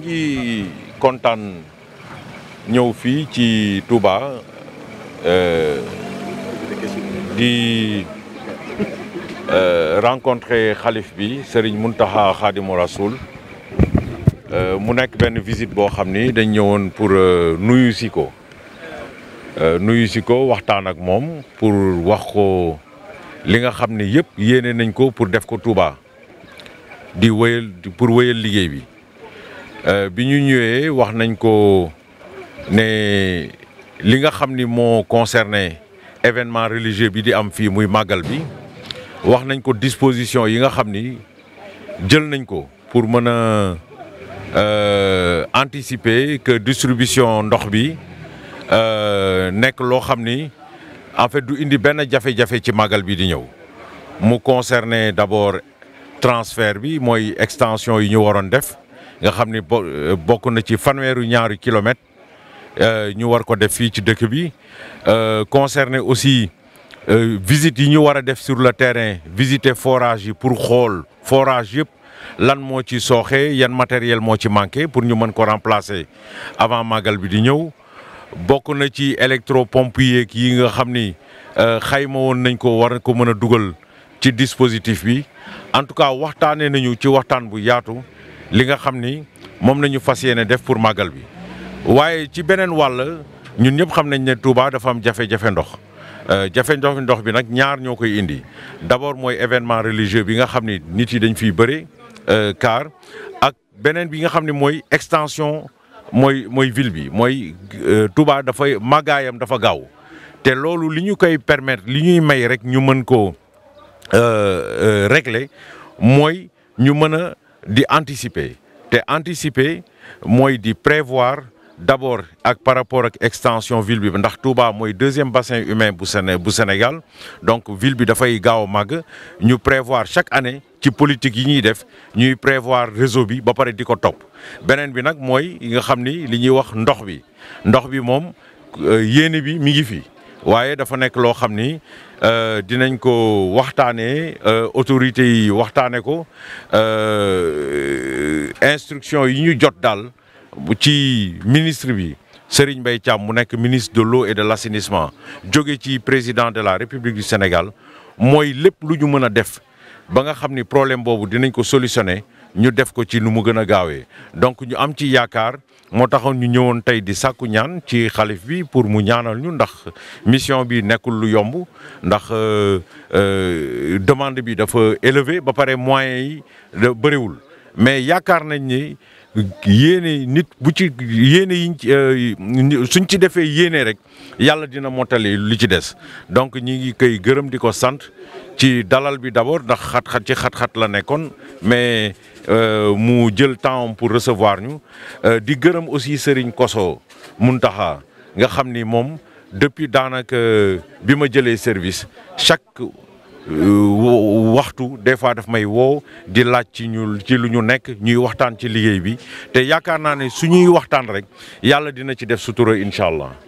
ngi kontaan ñëw fii ci Touba euh, di euh, rencontrer xalif bi Serigne Mountakha Khadimou Rasoul euh, mu nekk benn visite boo xam ni dañ ñëwoon pour nuyu si ko nuyu si ko waxtaan ak moom pour wax ko li nga xam ni yëpp yéene nañ ko pour def ko Touba di wéyal pour wéyal liggéey bi. Euh, bi ñu ñëwee wax nañ ko ne li nga xam ni moo concerné événement religieux bi di am fii muy màggal bi wax nañ ko disposition yi nga xam ni jël nañ ko pour mën a euh, anticiper que distribution ndox bi euh, nekk loo xam ni en fait du indi benn jafe-jafe ci màggal bi di ñëw mu concerné d'abord transfert bi mooy extension yi ñu waroon def nga xam ni euh, bokk na ci fanweeru ñaari kilomètre euh, ñu war ko def fii ci dëkk bi euh, concerné aussi visite yi ñu war a def sur le terrain visiter forage yi pour xool forage yëpp lan moo ci sooxee yan matériel moo ci manqué pour ñu mën ko remplacer avant màggal bi di ñëw bokk na ci électropompe yeeg yi nga xam ni xayma woon nañ ko war ko mën a dugal ci dispositif bi en tout cas waxtaanee nañu ci waxtaan bu yaatu li nga xam ni moom la ñu fas yéene def pour màggal bi waaye ci beneen wàll ñun ñëpp xam nañ ne Touba dafa am jafe-jafe ndox euh, jafe-jafe ndox bi nag ñaar ñoo koy indi d'abord mooy événement religieux bi nga xam ni nit yi dañ fi bëri car euh, ak beneen bi nga xam ni mooy extension mooy mooy ville bi mooy euh, Touba dafay màggaayam dafa gaaw te loolu li ñu koy permettre li ñuy may rek ñu mën koo régler mooy ñu mën a di anticiper te anticiper mooy di prévoir d'abord ak par rapport ak extension ville bi ndax Touba mooy deuxième bassin humain bu Séné bu Sénégal donc ville bi dafay gaaw a màgg ñu prévoir chaque année ci politique yi ñuy def ñuy prévoir réseau bi ba pare di ko topp beneen bi nag mooy yi nga xam ni li ñuy wax ndox bi ndox bi moom euh, yéene bi mi ngi fi. waaye dafa nekk loo xam ni euh, dinañ ko waxtaanee euh, autorités yi waxtaanee ko euh, instruction yi ñu jot daal ci ministre bi Serigne bay Thiam mu nekk ministre de l'eau et de l'assainissement jóge ci président de la République du Sénégal mooy lépp lu ñu mën a def ba nga xam ni problème boobu dinañ ko solutionner ñu def ko ci nu mu gën a gaawee donc ñu am ci yaakaar moo taxoon ñu ñëwoon tey di sàkku ñaan ci xalif bi pour mu ñaanal ñu ndax mission bi nekkul lu yomb ndax euh, euh, demande bi dafa élevé ba pare moyens yi bëriwul mais yaakaar nañ ni yéene nit bu ci yéene yiñ euh, suñ ci defee yéene rek yàlla dina mottali li ci des donc ñi ngi koy gërëm di ko sant ci dalal bi d'abord ndax xat-xat ci xat la nekkoon mais euh, mu jël temps pour recevoir ñu euh, di gërëm aussi Serigne Koso mun Muntaxa nga xam ni moom depuis daanaka bi ma jëlee service chaque Euh, waxtu des fois daf may woo di laaj ci ñu ci lu ñu nekk ñuy waxtaan ci liggéey bi te yaakaar naa ne su ñuy waxtaan rek yàlla dina ci def sutura incha allah.